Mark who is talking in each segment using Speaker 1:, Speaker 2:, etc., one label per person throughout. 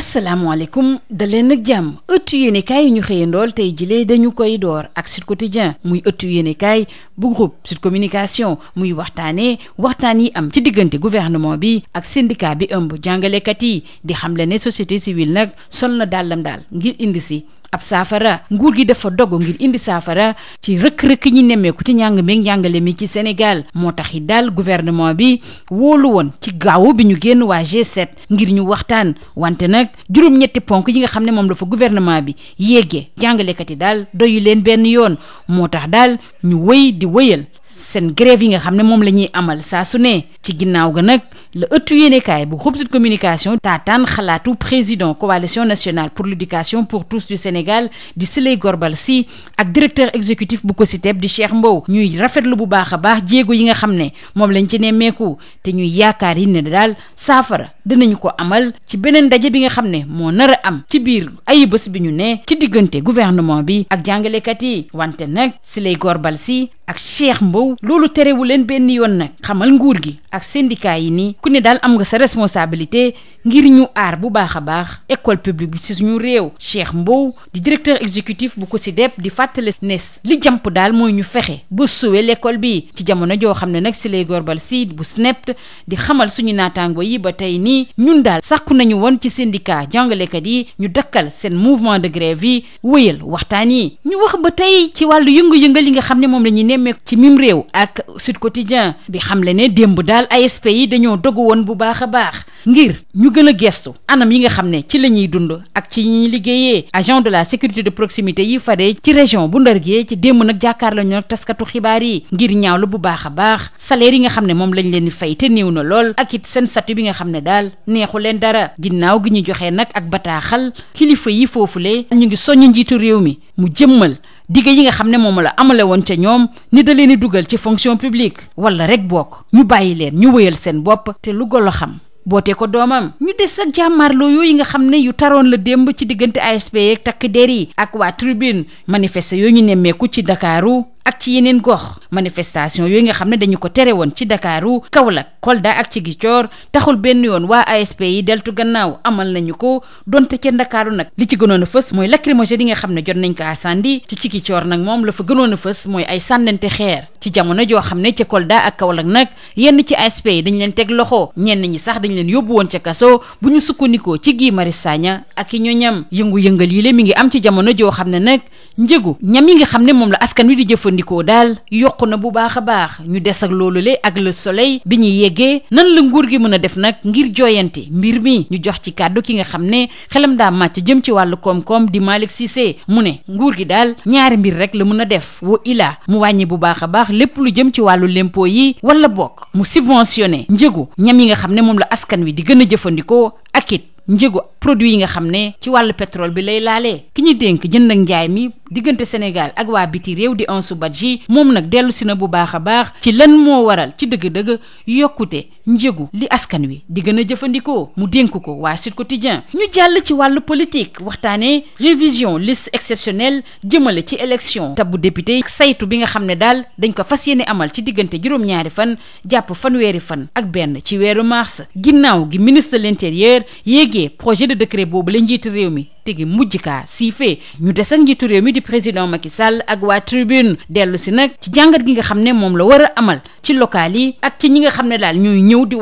Speaker 1: asalaamaaleykum daleen nag jàmm ëttu yéenekaay yi ñu ndool tey jilee dañu koy door ak Sud Quotidien muy ëttu yéenekaay bu groupe Sud Communication muy waxtaanee waxtaan yi am ci diggante gouvernement bi ak syndicat bi ëmb jàngalekat yi di xamle ne société civile nag sol na dàllam daal ngir indi si ab saafara nguur gi dafa dog ngir indi saafara ci rëkk-rëkk ñi nemmeeku ci njàng meeg njàngale mi ci Sénégal moo tax it daal gouvernement bi wóolu woon ci gaaw bi ñu génn waa G7 ngir ñu waxtaan wante nag juróom-ñetti ponk yi nga xam ne moom la fa gouvernement bi yéegee jàngalekat yi daal doyu leen benn yoon moo tax daal ñu woy di wëyal seen grève yi nga xam ne moom la ñuy amal saa su ne ci ginnaaw ga nag la ëttu yéenekaay bu groupe Sud Communication taataan xalaatu président coalition nationale pour l'éducation pour tous du Sénégal di Siley Gorbal si ak directeur exécutif bu ko si COSYDEP di Cheikh Mbow ñuy rafetlu bu baax a baax jéego yi nga xam ne moom lañ ci nemmeeku te ñuy yaakaar yi ne daal saafara dinañu ko amal ci beneen daje bi nga xam ne moo nar a am ci biir ayu bés bi ñu ne ci diggante gouvernement bi ak jàngalekat yi wante nag Siley Gorbal Sy ak Cheikh Mbow coow loolu terewu leen benn yoon nag xamal nguur gi ak syndicat yi nii ku ne daal am nga sa responsabilité ngir ñu aar bu baax a baax école publique bi ci suñu réew Cheikh Mbow di directeur exécutif bu ko si dep di fàttale ne li jàmp daal mooy ñu fexe ba suwe l'école bi ci jamono joo xam ne nag si lay gorbal si bu SNEP di xamal suñu naataango yi ba tey nii ñun daal sàkku nañu woon ci syndicat jàngalekat yi ñu dakkal seen mouvement de grève yi wëyal waxtaan yi ñu wax ba tey ci wàllu yëngu-yëngal yi nga xam ne moom la ñuy nemmeeku ci réew ak Sud Quotidien bi xamle ne démb daal ASP yi dañoo dogu woon bu baax a baax ngir ñu gën a gestu anam yi nga xam ne ci la ñuy dund ak ci ñuy liggéeyee agent de la sécurité de proximité yi fare ci région bu Ndar gee ci démb nag jàkkaarloo ñu nag taskatu xibaar yi ngir ñaawlu bu baax a baax salaire yi nga xam ne moom lañ leen di fay te néew na lool ak it seen statut bi nga xam ne daal neexu leen dara ginnaaw gi ñu joxee nag ak bataaxal kilifa yi foofu ñu ngi njiitu réew mi dige yi nga xam ne moom la amale woon ca ñoom ni da leen di dugal ci fonction publique wala rek bokk ñu bàyyi leen ñu wëyal seen bopp te lu golo xam bootee ko doomam ñu des ak jàmmaarloo yooyu nga xam ne yu taroon la démb ci diggante ASP yeeg takk der yi ak waa tribune manifeste yooyu ñu nemmeeku ci Ndakaaru ak ci yeneen gox manifestation yooyu nga xam ne dañu ko tere woon ci Dakaaru Kaolack Kolda ak ci coor taxul benn yoon waa ASP yi deltu gannaaw amal nañu ko donte ca Ndakaaru nag li ci gënoon a fës mooy lacrymogène yi nga xam ne jot nañ ko asandi ci ci Gicoor nag moom la fa gënoon a fës mooy ay sànnante xeer ci jamono joo xam ne ca Kolda ak Kaolack nag yenn ci ASP yi dañ leen teg loxo ñenn ñi sax dañ leen yóbbu woon ca kaso bu ñu sukkandikoo ci Guy mari Sagna ak i ñam yëngu-yëngal yi le mi ngi am ci jamono joo xam ne nag njëgu ñam yi nga xam ne moom la askan wi di jëfandikoo jëfandikoo daal yokk na bu baax a baax ñu des ak loolu le ak le soleil bi ñuy yeggee nan la nguur gi mën a def nag ngir jooyanti mbir mi ñu jox ci kàddu ki nga xam ne xelam daa màcc jëm ci wàllu koom-koom di Malick Cissé mu ne nguur gi daal ñaari mbir rek la mën a def wa ilaa mu wàññi bu baax a baax lépp lu jëm ci wàllu lempo yi wala bokk mu subventionné njëgu ñam yi nga xam ne moom la askan wi di gën a jëfandikoo ak it njëgo produits yi nga xam ne ci wàllu pétrole bi lay laalee ki ñu dénk jënd ak njaay mi diggante Sénégal ak waa biti réew di Ansu Badji moom nag dellusi na bu baax a baax ci lan moo waral ci dëgg-dëgg yokkute njëgu li askan wi di gën a jëfandikoo mu dénk ko waa Sud Quotidien ñu jàll ci wàllu politique waxtaanee révision liste exceptionnelle jëmale ci élection tabu député saytu bi nga xam ne daal dañ ko fas yéene amal ci diggante juróom-ñaari fan jàpp fan weeri fan ak benn ci weeru mars ginnaaw gi ministre de l'intérieur yéegee projet de décret boobu la njiitu réew mi gi mujj kaa siifee ñu des ak njiitu réew mi di président Macky Sall ak waa tribune dellu si nag ci jàngat gi nga xam ne moom la war a amal ñëw di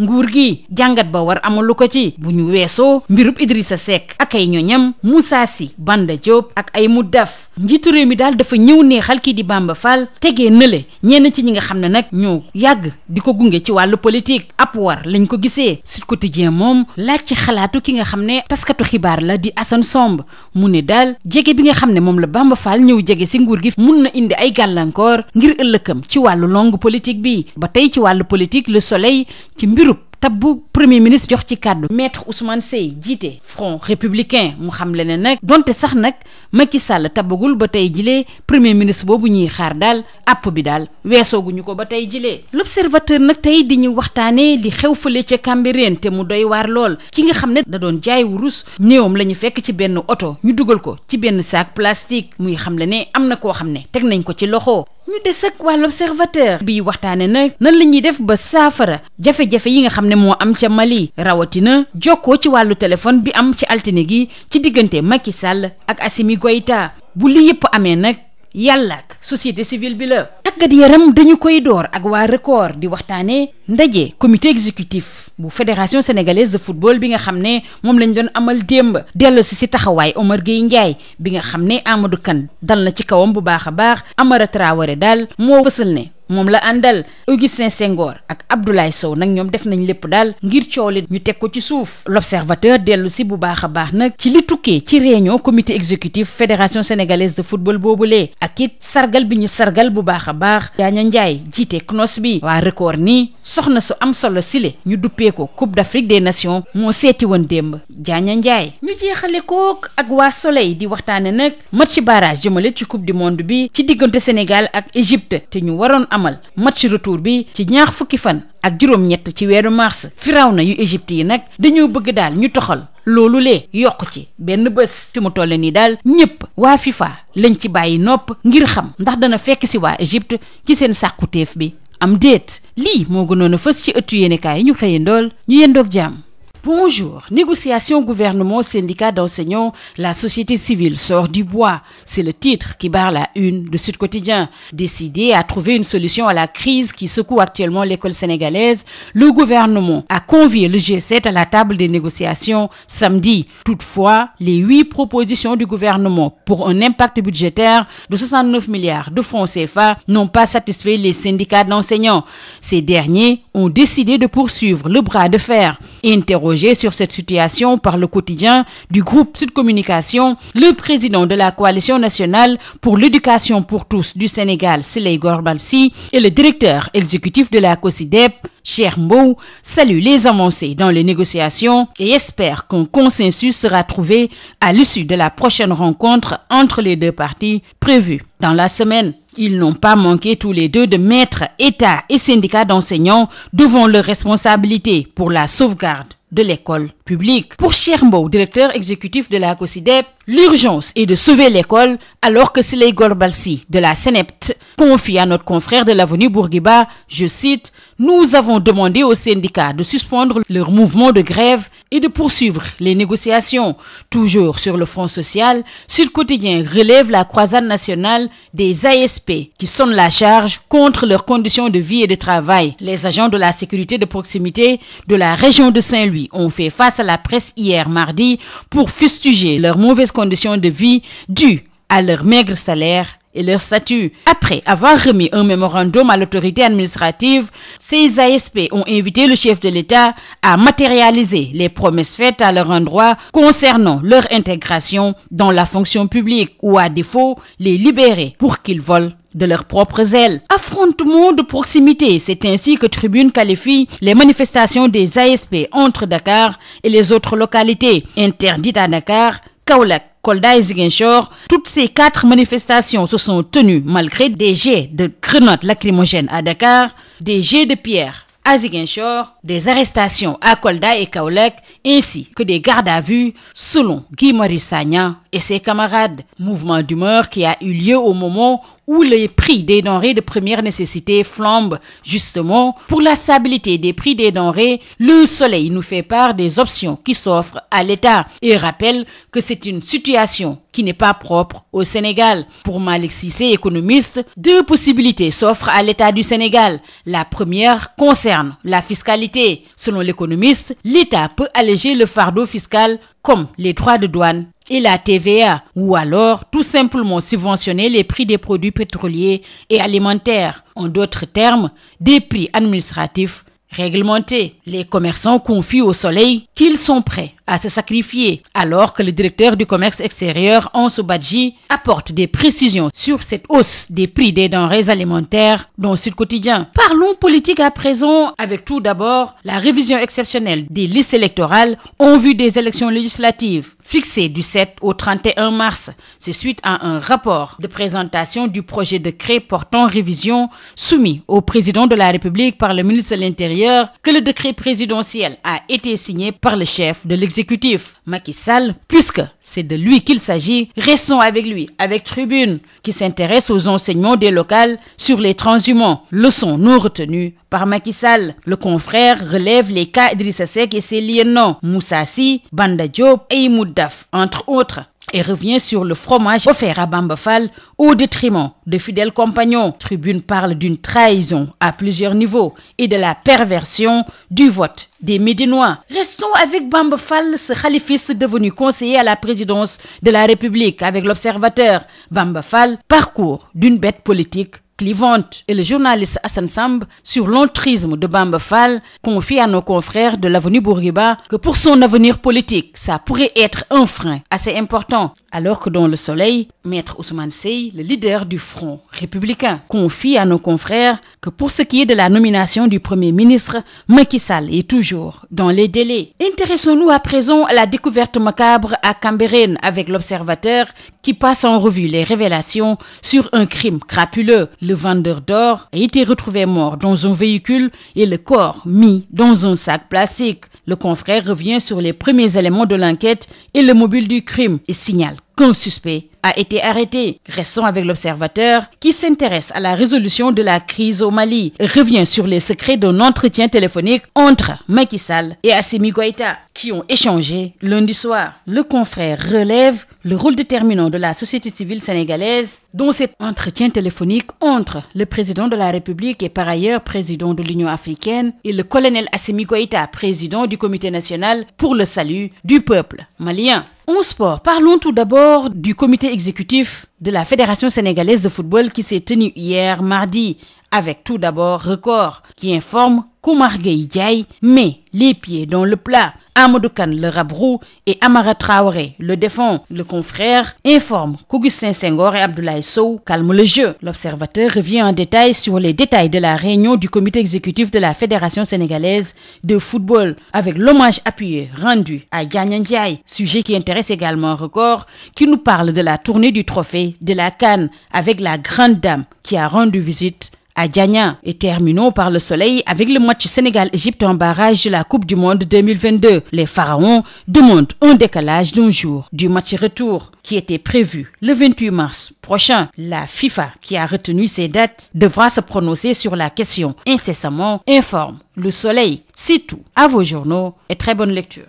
Speaker 1: nguur gi jàngat ba war amul lu ko bu ñu weesoo mbirub Idrissa Seck ak ay ñoñam Moussa Sy Banda Diop ak ay mu daf njiitu réew mi daal dafa ñëw neexal kii di bàmba Fall tegee nële ñenn ci ñi nga xam ne nag ñoo yàgg di ko gunge ci wàllu politique ab war lañ ko gisee su Sud Quotidien moom laaj ci xalaatu ki nga xam ne taskatu xibaar la di Assane Somb mu ne daal jege bi nga xam ne moom la Bamba Fall ñëw jege si nguur gi mun na indi ay gàllankoor ngir ëllëkam ci wàllu longue politique bi ba tey ci wàllu politique le soleil sénégalais ci mbirub tabbu premier ministre jox ci kàddu maître Ousmane sey jiite front républicain mu xam le ne nag donte sax nag Macky sàll tabagul ba tey jilee premier ministre boobu ñuy xaar daal àpp bi daal weesooguñu ko ba tey jilee l'observateur nag tey di ñu waxtaanee li xew fële ca Cambérène te mu doy waar lool ki nga xam ne da doon jaay wurus néewam la ñu fekk ci benn oto ñu dugal ko ci benn saak plastique muy xam le ne am na koo xam ne teg nañ ko ci loxo ñu des ak waa l'observateur bi waxtaane nag nan la ñuy def ba saafara jafe-jafe yi nga xam ne moo am ca Mali rawatina jokkoo ci wàllu téléphone bi am ci altine gi ci diggante Macky sàll ak Assimi Goïta bu li yëpp amee nag yàlla ak société civile bi la. tàggat yaram dañu koy door ak waa record di waxtaanee ndaje commité exécutif bu fédération sénégalaise de football bi nga xam ne moom lañ doon amal démb dellu si si taxawaay Omar Gueye Ndiaye bi nga xam ne Amadou kan dal na ci kawam bu baax a baax Amara Traoré daal moo fësal ne. moom la àndal Augustin Senghor ak Abdoulaye Sow nag ñoom def nañ lépp daal ngir coow li ñu teg ko ci suuf l'observateur dellu si bu baax a baax nag ci li tukkee ci réunion commité exécutif fédération sénégalaise de football lee ak it sargal bi ñu sargal bu baax a baax Yaaña Njaay jiite CNOS bi waa record ni soxna su am solo sile ñu duppee ko coupe d'Afrique des nations moo seeti woon démb Jaaña Njaay ñu jeexale kook ak waa soleil di waxtaane nag match barrage jëmale ci coupe du monde bi ci diggante Sénégal ak Égypte amal match retour bi ci ñaar fukki fan ak juróom-ñett ci weeru mars na yu Égypte yi nag dañoo bëgg daal ñu toxal loolu lee yokk ci benn bës fi mu toll nii daal ñëpp waa FIFA lañ ci bàyyi nopp ngir xam ndax dana fekk si waa Égypte ci seen sàkkuteef bi am déet lii moo gënoon a fës ci ëttu yéenekaay yi ñu xëyandool ñu yendoog jàmm Bonjour. Négociation gouvernement syndicat d'enseignants, la société civile sort du bois. C'est le titre qui barre la une de Sud Quotidien. Décidé à trouver une solution à la crise qui secoue actuellement l'école sénégalaise, le gouvernement a convié le G7 la table des négociations samedi. Toutefois, les huit propositions du gouvernement pour un impact budgétaire de 69 de francs CFA n'ont pas satisfait les syndicats interrogé sur cette situation par le quotidien du groupe Sud Communication, le président de la coalition nationale pour l'éducation pour tous du Sénégal, Sélé Gorbalsi, et le directeur exécutif de la COSIDEP, Cheikh Mbow, salue les avancées dans les négociations et espère qu'un consensus sera trouvé à l'issue de la prochaine rencontre entre les deux parties prévue dans la semaine. Ils n'ont pas manqué tous les deux de mettre État et syndicats d'enseignants devant leurs responsabilités pour la sauvegarde de l'école publique. Pour Chermbo, directeur exécutif de la COSIDEP, l'urgence est de sauver l'école alors que Siley Gorbalsi de la CENEPT confie à notre confrère de l'avenue Bourguiba, je cite, Nous avons demandé aux syndicats de suspendre leur mouvement de grève et de poursuivre les négociations. Toujours sur le front social, Sud Quotidien relève la croisade nationale des ASP qui sonnent la charge contre leurs conditions de vie et de travail. Les agents de la sécurité de proximité de la région de Saint-Louis ont fait face à la presse hier mardi pour fustiger leurs mauvaises conditions de vie dues à leur maigre salaire et leur statut. Après avoir remis un mémorandum à l'autorité administrative, ces ASP ont invité le chef de l'État à matérialiser les promesses faites à leur endroit concernant leur intégration dans la fonction publique ou à défaut les libérer pour qu'ils volent de leurs propres ailes. Affrontement de proximité, c'est ainsi que Tribune qualifie les manifestations des ASP entre Dakar et les autres localités interdites à Dakar, Kaolack Kolda et Ziguinchor. Toutes ces quatre manifestations se sont tenues malgré des jets de grenades lacrymogènes à Dakar, des jets de pierre à Ziguinchor, des arrestations à Kolda et Kaolack ainsi que des gardes à vue, selon Guy Maurice Sagna et ses camarades. Mouvement d'humeur qui a eu lieu au moment où les prix des denrées de première nécessité flambent. Justement, pour la stabilité des prix des denrées, le soleil nous fait part des options qui s'offrent à l'État et rappelle que c'est une situation qui n'est pas propre au Sénégal. Pour Malick Sissé, économiste, deux possibilités s'offrent à l'État du Sénégal. La première concerne la fiscalité. Selon alléger le fardeau fiscal comme les droits de douane et la TVA, ou alors tout simplement subventionner les prix des produits pétroliers et alimentaires, en d'autres termes, des prix administratifs réglementés. Les commerçants confient au soleil qu'ils sont prêts à se sacrifier, alors que le directeur du commerce extérieur, Ansu Badji, apporte des précisions sur cette hausse des prix des denrées alimentaires dans Sud Quotidien. Parlons politique à présent avec tout d'abord la révision exceptionnelle des listes électorales en vue des élections législatives fixé du 7 au 31 mars. C'est suite à un rapport de présentation du projet de décret portant révision soumis au président de la République par le ministre de l'Intérieur que le décret présidentiel a l'exécutif, Macky Sall, puisque c'est de lui qu'il s'agit. Restons avec lui, avec Tribune, qui s'intéresse aux enseignements des locales sur les transhumants. Leçon non retenue par Macky Sall. Le confrère relève les cas Idrissa Seck et ses lieutenants, Moussa Sy, Banda Diop et Imoud Daf, entre autres. et revient sur le fromage offert à Bamba Fall au détriment de fidèles compagnons. Tribune parle d'une trahison à plusieurs niveaux et de la perversion du vote des Médinois. Restons avec Bamba Fall, ce khalifiste devenu conseiller à la présidence de la République avec l'observateur. Bamba Fall, parcours d'une bête politique clivante et le journaliste Hassan Samb sur l'entrisme de Bamba Fall confie à nos confrères de l'avenue Bourguiba que pour son avenir politique, ça pourrait être un frein assez important. Alors que dans le soleil, Maître Ousmane Sey, le leader du Front républicain, confie à nos confrères que pour ce qui est de la nomination du Premier ministre, Macky Sall est toujours dans les délais. Intéressons-nous à présent à la découverte macabre à Cambérène avec l'observateur qui passe en revue un le vendeur d'or, a été retrouvé mort dans un véhicule et le corps mis dans un sac plastique. Le confrère revient sur les premiers éléments de l'enquête et le mobile du crime et signale qu'un suspect a été arrêté. Restons avec l'observateur qui s'intéresse à la résolution de la crise au Mali et revient sur les secrets d'un entretien téléphonique entre Macky Sall et Assimi Goïta qui ont échangé lundi soir. Le confrère relève le rôle déterminant de la société civile sénégalaise dont cet entretien téléphonique entre le président de la République et par ailleurs président de l'Union africaine et le colonel Assimi Goïta, président du comité national pour le salut du peuple En sport, parlons tout d'abord du comité exécutif de la Fédération sénégalaise de football qui s'est tenu hier mardi avec tout d'abord Record qui informe Koumar Gueye met les pieds dans le plat. Amadou le Rabrou et Amara Traoré le défend. Le confrère informe qu'Augustin Senghor et Abdoulaye Sow calment le jeu. L'observateur revient en détail sur les détails de la réunion du comité exécutif de la Fédération sénégalaise de football avec l'hommage appuyé rendu à Diagne Ndiaye, sujet qui intéresse également Record qui nous parle de la tournée du trophée de la Cannes avec la grande dame qui a rendu visite à Diagna. Et terminons par le soleil avec le match Sénégal-Égypte en de la Coupe du Monde Les Pharaons demandent un décalage d'un jour du match retour qui était prévu le 28 mars prochain. La FIFA, qui a retenu ces dates, devra se prononcer sur la question incessamment, informe le soleil. C'est tout. À vos journaux et très bonne lecture.